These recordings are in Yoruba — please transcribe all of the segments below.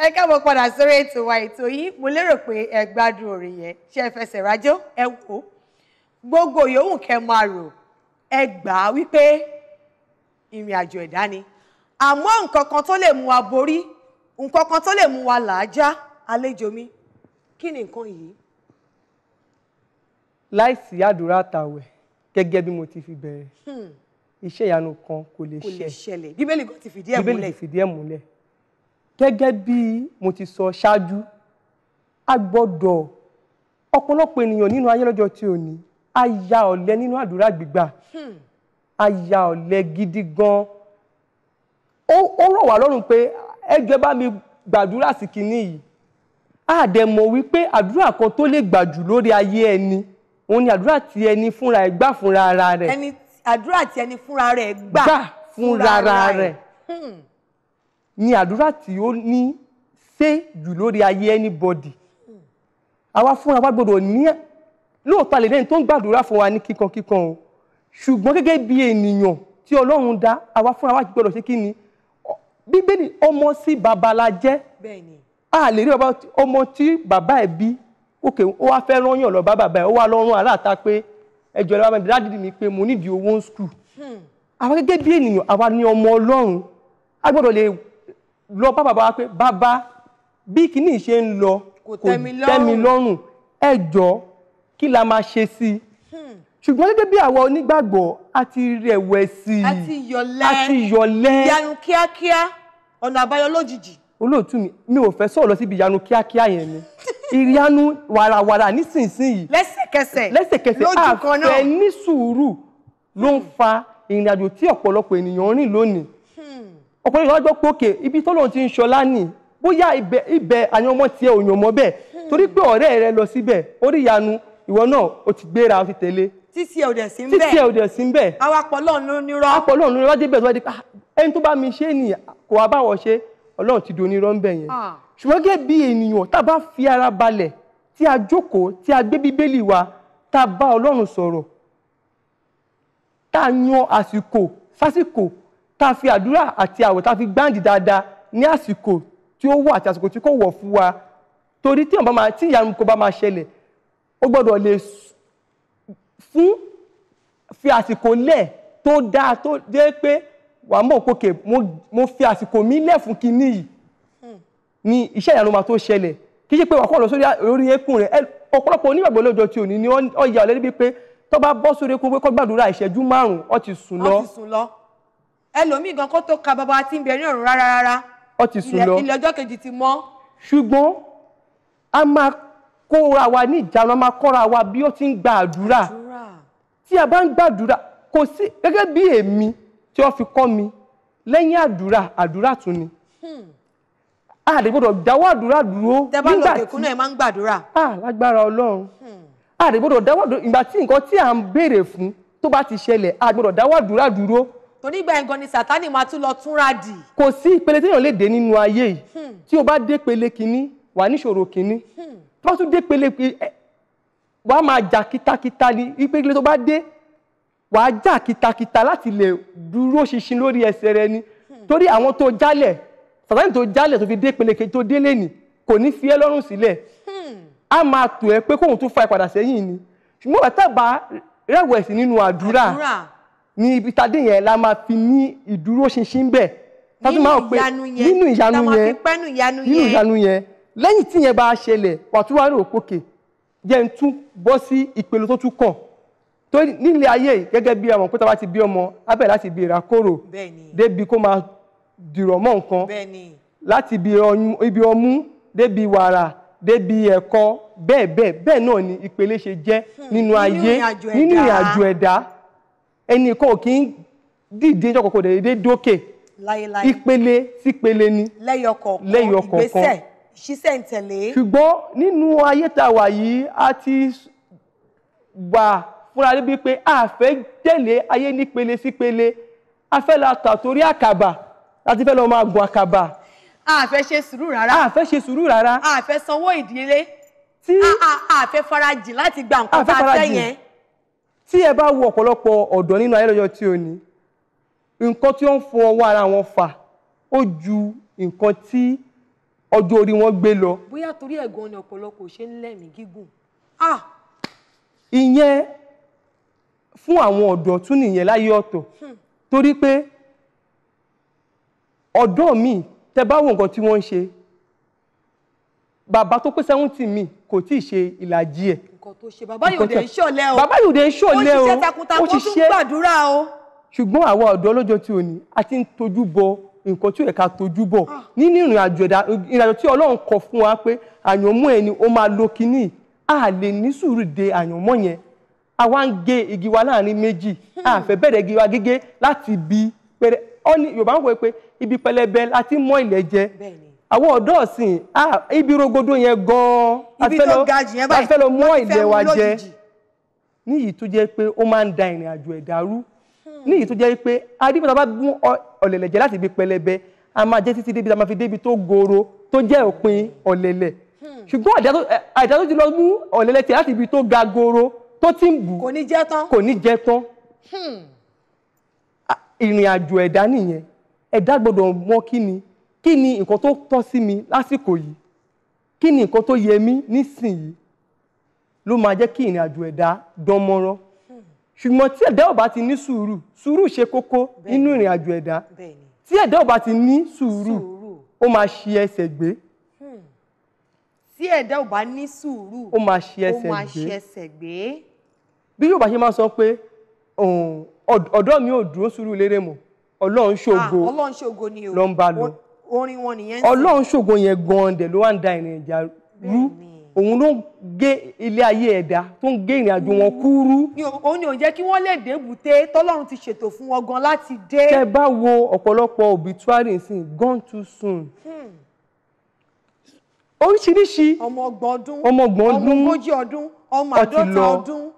ẹ káàbọ̀ padà sórí ètò wa ètò yìí mo lérò pé ẹ gbádùn orin yẹn ṣe fẹsẹ̀ rájọ́ ẹ wò ó gbogbo yòówù kẹ máa rò ẹ gbà á wípé ìrìn àjò ẹ̀dá ni àmọ́ nǹkan kan tó lè mú wa borí nǹkan kan tó lè mú wa làájá àlejò mi kí ni nǹkan yìí. láìsí àdúrà àtàwẹ̀ gẹ́gẹ́ bí mo ti fi bẹ̀rẹ̀ hmm. iṣẹ́ ìyanu kan kò lè ṣẹlẹ̀ bíbélì kan ti fìdí ẹ̀ múlẹ̀ gẹ́gẹ́ bí mo ti sọ ṣáájú a gbọ́dọ̀ ọ̀pọ̀lọpọ̀ ènìyàn nínú ayé lọ́jọ́ tí ò ní a ya ọ̀lẹ nínú àdúrà gbígbà hmm. a ya ọ̀lẹ gidi gan ó rọ̀ wá lọ́rùn pé ẹjọ́ bá mi gbàdúrà sí kinní yìí a dẹ̀ mọ̀ wípé àdúrà kan tó lè gbà jù lórí ayé ẹni òun ni àdúrà tí ẹni fúnra ẹ̀ gbà fúnra ara rẹ̀. ẹni àdúrà tí ẹni fúnra rẹ̀ gbà fúnra ara rẹ̀. Hmm ni àdúrà tí ó ní ṣe jù lórí ayé anybody àwa fúnra wa gbọdọ̀ ní lóòótọ́ àlè lẹ́yìn tó ń gbàdúrà fún wa ní kíkan kíkan o ṣùgbọ́n gẹ́gẹ́ bí ènìyàn tí ọlọ́run dá àwa fúnra wa gbọdọ̀ ṣe kí ni bíbélì ọmọ sí bàbá la jẹ́ a lè rí ọmọ tí bàbá ẹ̀ bí òkè ó wá fẹ́ rányàn lọ bá bàbá ẹ̀ ó wá lọ́rùn aláàtà pé ẹjọ́ ẹ̀ bá mi dádìdì mi pé mo nídìí owó ń skul àwa gẹ́gẹ́ bí ènìyàn àwa ni ọmọ ọlọ́run a gbọdọ̀ lè lọ bá bàbá wa pé bàbá bí kìíní ṣe ń lọ kò tẹ́mi lọ́rùn ẹ jọ̀ọ́ kí la máa ṣe sí i hmm. ṣùgbọ́n gẹ́gẹ́ bí àwa onígbàgbọ́ a ti rẹ̀wẹ̀sì a ti yọ̀lẹ́ a ti yọ̀lẹ́ yanu kíákíá ọ̀nà àbáyọ lójijì. olóòtú mi mi ò fẹ́ sọ̀rọ̀ síbi yanu kíákíá yẹn ni ìyanu wàràwàrà nísinsìnyí lẹ́sẹ̀kẹsẹ̀ lẹ́sẹ̀kẹsẹ̀ àfẹ́ ní sùúrù ló ń fa ìrìnàjò tí ọ̀pọ̀lọpọ̀ ènìyàn rìn lónìí ọ̀pọ̀lọpọ̀ wá gbọ́ pé òkè ibi tó lóun ti ń ṣọlá nì bóyá ibẹ̀ ibẹ̀ àwọn ọmọ tiẹ̀ ò yàn mọ́ bẹ́ẹ̀ hmm. torí pé ọ̀rẹ́ rẹ lọ síbẹ̀ orí ìyanu ìwọ náà o ti gbéra o ti tẹ̀lé títí ẹ̀ ò dẹ̀ sí ń bẹ̀ títí ẹ̀ ò dẹ̀ sí ń bẹ̀ ah, ẹni tó bá mi ṣe nìyà kò wá báwọ̀ ṣe ọlọ́run ti doni rọ́ ń bẹ̀ yẹn ah. ṣùgbọ́n gẹ́gẹ́ bí ènìyàn tá a bá fi ara balẹ̀ tí a jókòó tí a gbé bíbélì wa tá a bá ọlọ́run sọ̀rọ̀ tá a yan àsìkò sásìkò tá a fi àdúrà àti àwẹ̀ tá a fi gbáǹdì dáadáa ní àsìkò tí ó wọ̀ àti àsìkò tí kò wọ̀ fún wa torí tí ìyanu kò bá máa ṣẹlẹ̀ ó gbọ́dọ̀ lè fún fi àsìkò lẹ̀ tó dáa tó jẹ́ pé wà mọ̀ kókè mo fi àsìkò mi lẹ̀ fún kinní yìí hmm. ni iṣẹ́ ìyanu máa tó ṣẹlẹ̀ kì í ṣe pé wà kọ́ lọ sórí orí eékún rẹ̀ ọ̀pọ̀lọpọ̀ onígbàgbọ́ lọ́jọ́ tí ò ní ni ọ̀yà ọ̀lẹ́ni bíi pé tó bá bọ́ sórí eékún pé kó gbàdúrà ìṣẹ́jú márùn-ún ó ti sùn lọ ẹlòmíì gan kó tó ka bàbá wa ti ń bẹ ní ọ̀run rárá rárá ó ti sùn lọ ilẹ̀ ọjọ́ kejì ti mọ́. ṣùgbọ́n a máa kóra wa ní ìjánu a máa kọ́ra wa bí ó ti ń gba àdúrà tí a bá ń gbàdúrà kò sí gẹ́gẹ́ bí èmi tí wọ́n fi kọ́ mi lẹ́yìn àdúrà àdúrà tún ni hmm. a lè gbọ́dọ̀ dáwọ́ àdúrà dúró nígbà tí a lágbára ọlọ́run hmm. a lè gbọ́dọ̀ dáwọ́ àdúrà ìgbà tí nǹkan tí à ń béèrè fún tó bá ti ṣẹlẹ̀ a gbọ́dọ̀ dáwọ́ àdúrà dúró onígbà ẹ̀gàn ni sátani máa tún lọ túnra dì. kò sí ìpele téèyàn lè dé nínú ayé yìí hmm. tí o bá dé pele kínní wà níṣòro kínní hmm. tó tún dé pele wà á máa jà kítakíta ni ìpele tó bá dé wà á jà kítakíta láti lè dúró ṣinṣin lórí ẹsẹ̀ rẹ ni hmm. torí àwọn tó jálẹ̀ sátani tó jálẹ̀ tó fi dé pele kejì tó délé nì kò ní fi ẹ́ lọ́rùn sílẹ̀ a máa tò ẹ́ pé kóun tún fa ìpadà sẹ́yìn ni ṣùgbọ́n bàtà bá rẹ̀wẹ̀sì nínú àdúrà. àdúrà ní ibi tadé yẹn la máa fi ní ìdúróṣinṣin bẹ̀ tàbí máa pé nínú ìyanu yẹn nínú ìyanu yẹn lẹ́yìn tí yẹn bá ṣẹlẹ̀ wàtúwárò òkòkè jẹ́ ń tún bọ́ sí ìpele tó tún kàn tó nílé ayé gẹ́gẹ́ bí ọmọ pété bá ti bí ọmọ abẹ́ láti bí ìràkòrò débi kó máa dìrọ̀ mọ́ nǹkan láti ibi ọmú débi wàrà débi ẹ̀kọ bẹ́ẹ̀ bẹ́ẹ̀ bẹ́ẹ̀ náà ni ìpele ṣe jẹ́ hmm, nínú ayé nínú ìrìnàjò ẹ̀dá ẹnì kan ò kí ń dìde ní ọkọ̀ kò déédéé dókè ìpele sípele ni lẹ́yọkọ̀ọ̀kan ìgbésẹ̀ ìṣiṣẹ́ ìtẹ̀lé. ṣùgbọ́n nínú ayé tá a wà yìí a ti wà fúnra níbi pé a fẹ́ tẹ̀lé ayé nípele sípele a fẹ́ la tà torí àkàbà láti fẹ́ lọ máa gun àkàbà. a fẹ́ ṣe sùúrù rárá. a fẹ́ ṣe sùúrù rárá. a fẹ́ sanwó ìdílé. a fẹ́ farajì láti gba nǹkan tá a fẹ́ yẹn tí ẹ bá wo ọ̀pọ̀lọpọ̀ ọ̀dọ́ nínú ayé lọ́jọ́ tí ó ní nǹkan tí ó ń fọ ọwọ́ ara wọn fà ó ju nǹkan tí ọjọ́ orí wọn gbé lọ. bóyá torí ẹ̀gàn ni ọ̀pọ̀lọpọ̀ ṣe ń lẹ́mìí gígùn. Ah! ìyẹn fún àwọn ọ̀dọ́ tún nìyẹn láyé ọ̀tọ̀ hmm. torí pé ọ̀dọ́ mi tẹ bá wo nǹkan tí wọ́n ń ṣe bàbá tó pé sẹ́wọ́ntì mi kò tí ì ṣe ìlàjì ẹ̀ nǹkan tó ṣe bàbá yòdè ń ṣọ̀lẹ o bàbá yòdè ń ṣọ̀lẹ o ó ṣiṣẹ́ takuntakun ó tún gbàdúrà o. ṣùgbọ́n àwa ọ̀dọ́ lọ́jọ́ tí o ní a ti ń tojú bọ nǹkan tí ó yẹ ká tojú bọ̀ ah. nínú ìrìn àjò ẹ̀dá tí Ọlọ́run kọ fún wa pé àyànmọ́ ẹ ni ó máa lo kinní a lè ní sùúrù de àyànmọ́ yẹn a wá ń gé igi wa láàrin méjì hmm. a fẹ́ bẹ̀rẹ̀ igi wa gégé láti bi pẹ̀rẹ̀ yorùbá ń wọ pé ibi pẹlẹbẹ láti mọ ilẹ̀ jẹ àwọn ọ̀dọ́ ọ̀sìn ibi rogodo yẹn gan-an afẹ́lọ mú ìdẹ wa jẹ níyìí tó jẹ́ pé ó máa ń da ìrìn àjò ẹ̀dá rú hmm. níyìí tó jẹ́ pé adébítà bá gún ọ̀lẹ̀lẹ̀ jẹ láti ibi pẹlẹbẹ a máa jẹ́ títí débi máa fi débi tó goro tó jẹ́ òpin ọ̀lẹ̀lẹ̀ hmm. ṣùgbọ́n àìdá tó ti lọ mú ọ̀lẹ̀lẹ̀ tiẹ̀ láti ibi tó ga goro tó ti ń bù kò ní jẹ́ tán hmm. ìrìn àjò ẹ̀dá nìyẹn ẹ̀dá gbọ́dọ̀ mọ̀ kí ni kí ni nǹkan tó tọ́ sí mi lásìkò yìí kí ni nǹkan tó yẹ mí nísìnyìí ló máa jẹ́ kí ìrìn àjò ẹ̀dá dán mọ́rán ṣùgbọ́n tí ẹ̀dá ò bá ti ní sùúrù sùúrù ṣe kókó nínú ìrìn àjò ẹ̀dá tí ẹ̀dá ò bá ti ní sùúrù ó máa ṣi ẹsẹ̀ gbé. Hmm. tí ẹ̀dá ò bá ní sùúrù ó máa ṣi ẹsẹ̀ gbé. bí Yorùbá ṣe máa sọ pé ọ̀dọ́ mi ò dúró sùúrù lérè mọ́ Ọlọ́run ṣògo ah, ló ń bá lọ. Only one nìyẹn. ọlọ́run ṣògo yẹn gan-an dẹ̀ ló wá ń da ìrìn ìjà rú òun ló ń gé ilé ayé ẹ̀dá tó ń gé ìrìn àjò wọn kúrú. òun ni ò jẹ́ kí wọ́n lè dé bùté tọ́lọ́run ti ṣètò fún wọn gan láti dé. tẹ́ bá wo ọ̀pọ̀lọpọ̀ obituary sin. gone too soon. Hmm. oríṣiríṣi ọmọ ọgbọ̀n ọdún ọmọ ọgbọ̀n ọdún ọmọ ogójì ọdún ọmọ àádọ́ta ọdún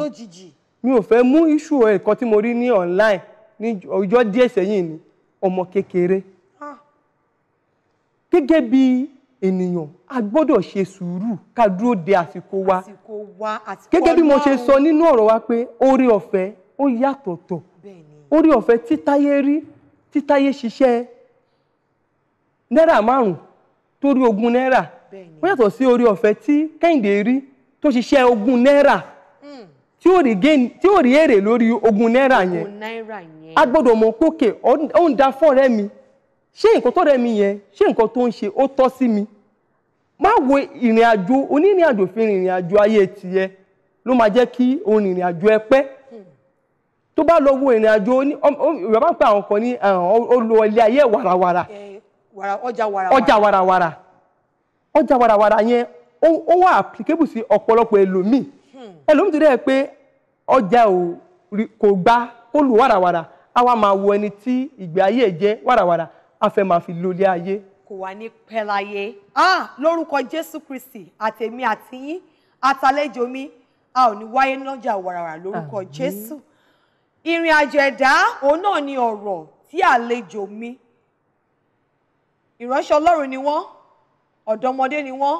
lójijì. mi ò fẹ́ mú issue ẹ̀kọ́ tí mo rí ní online ní ọjọ́ díẹ̀ sẹ́yìn ni ọmọ kékeré gẹ́gẹ́ bí ènìyàn a gbọ́dọ̀ ṣe sùúrù ká dúró de àsìkò wa gẹ́gẹ́ bí mo ṣe sọ nínú ọ̀rọ̀ wa pé oore ọ̀fẹ́ ó yàtọ̀tọ̀ oore ọ̀fẹ́ títáyé rí títáyé ṣiṣẹ́ náírà márùn-ún tó rí ogún náírà ó yàtọ̀ sí oore ọ̀fẹ́ tí kẹ́hìndé rí tó ṣiṣẹ́ ogún náírà hmm. tí ó rí èrè lórí ogún náírà yẹn a gbọ́dọ̀ mọ̀ pókè ó ń da fọ́ọ̀rẹ́ mi ṣé nǹkan tó rẹ̀ mi yẹn ṣé nǹkan tó ń ṣe ó tọ́ sí mi má wo ìrìn àjò onírìn àjò fi rìnrìn àjò ayé tìyẹ ló máa jẹ́ kí òun àjò ẹ pẹ́ tó bá lọ wo ìrìn àjò ìrọ̀bá ń pè àwọn kan ní olùwọ̀ ilé ayé ọjà warawara ọjà warawara yẹn ó wà applicable sí ọ̀pọ̀lọpọ̀ ẹlòmíì hmm. ẹlòmíì pé ọjà kò kó lù wá máa wo ẹni tí ìgbé ayé jẹ́ a fẹ́ máa fi lólé ayé. kò wá ní pẹ́ ah lórúkọ jésù kristi àtèmi àti yín àtàlejò mi a ò ní wáyé lọ́jà wàràwà lórúkọ jésù ìrìn àjò ẹ̀dá òun náà ni ọ̀rọ̀ tí àlejò mi ìránṣẹ́ ọlọ́run ni wọ́n ọ̀dọ́mọdé ni wọ́n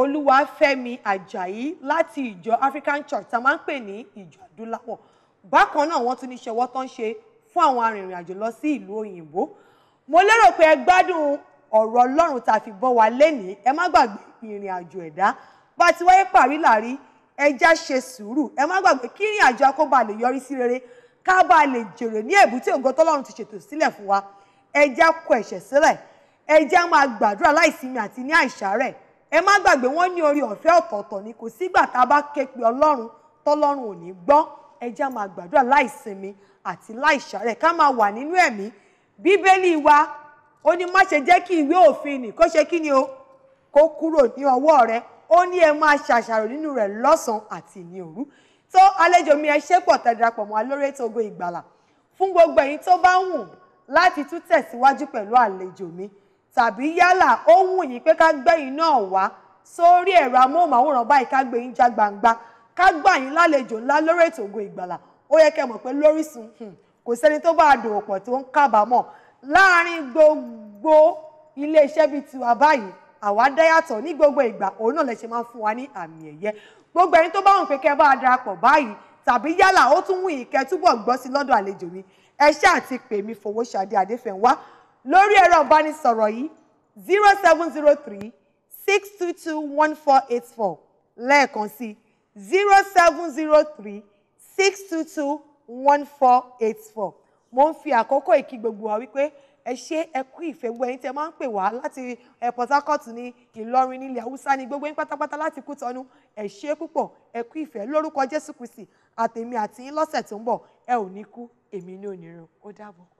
olúwafẹ́mi ajayi láti ìjọ african church tá a máa ń pè ní ìjọ adúláwọ̀ bákan náà wọ́n tún ní ṣọwọ́ tán ṣe fún àwọn arìnrìn àjò lọ sí ìlú òyìnbó mo lérò pé ẹ gbádùn ọ̀rọ̀ ọlọ́run tá a fi bọ́ wa lénìí ẹ má gbàgbé ìrìn àjò ẹ̀dá bá a ti wáyé parí làrí ẹ já ṣe sùúrù ẹ má gbàgbé kí ìrìn àjò akóbá lè yọrí sí rere ká bá lè jèrè ní ẹ̀bùn tí ògo tọ́lọ́run ti ṣètò sílẹ̀ fún wa ẹ já kọ ẹ̀ṣẹ̀ sílẹ̀ ẹ máa gbàdúrà láìsinmi àti ní àìsàárẹ̀ ẹ má gbàgbé wọ́n ní orí ọ̀fẹ́ ọ̀tọ̀ọ̀tọ̀ ni kò sígbà tá a bá ké pe ọlọ́run tọ́lọ́run ò ní bíbélì wa ó ní má ṣe jẹ́ kí ìwé òfin nì kó ṣe kí ni o kó kúrò ní ọwọ́ rẹ ó ní ẹ máa ṣàṣàrò nínú rẹ̀ lọ́sàn-án àti ní òru tó àlejò mi ẹ ṣe pọ̀ tẹ́ darapọ̀ mọ́ lórí ètò Ògo Ìgbàlà fún gbogbo ẹ̀yin tó bá wù láti tún tẹ̀síwájú pẹ̀lú àlejò mi tàbí yálà ó wù yín pé ká gbẹ̀yìn náà wá sórí ẹ̀rọ amóhùnmáwòrán báyìí ká gbé já gbangba ká gbà yín lálejò ńlá lórí ètò Ògo Ìgbàlà ó yẹ kẹ́ mọ̀ pé lórísun hmm, kò sẹ́ni tó bá a dòwò pọ̀ tó ń kábàámọ̀ láàárín gbogbo iléeṣẹ́ bíi tiwa báyìí àwa dá yàtọ̀ ní gbogbo ìgbà òun náà lè ṣe máa ń fún wa ní àmì ẹ̀yẹ gbogbo ẹni tó bá wọn pé kẹ́ bá a darapọ̀ báyìí tàbí yálà ó tún wù ìkẹ́ túbọ̀ gbọ́ sí lọ́dọ̀ àlejò mi ẹ ṣáà ti pè mí Fowóṣadé Adéfẹ̀nwá lórí ẹ̀rọ ìbánisọ̀rọ̀ yìí zero seven zero three six two two one four eight four lẹ́ẹ̀kan sí zero seven zero three six two two one four eight four mo ń fi àkókò ìkí gbogbo wa wípé ẹ ṣe ẹ kú ìfẹ́ gbogbo ẹ̀yin tẹ́ máa ń pè wá láti eh, Port Harcourt ní Ìlọrin nílẹ̀ Haúsá ní gbogbo yín pátápátá láti Kútọ́nù ẹ ṣe púpọ̀ ẹ ìfẹ́ lórúkọ Jésù Kristi àtèmi àti yín lọ́sẹ̀ tó ń bọ̀ ẹ ò ní kú èmi ní onírun ó dàbọ̀.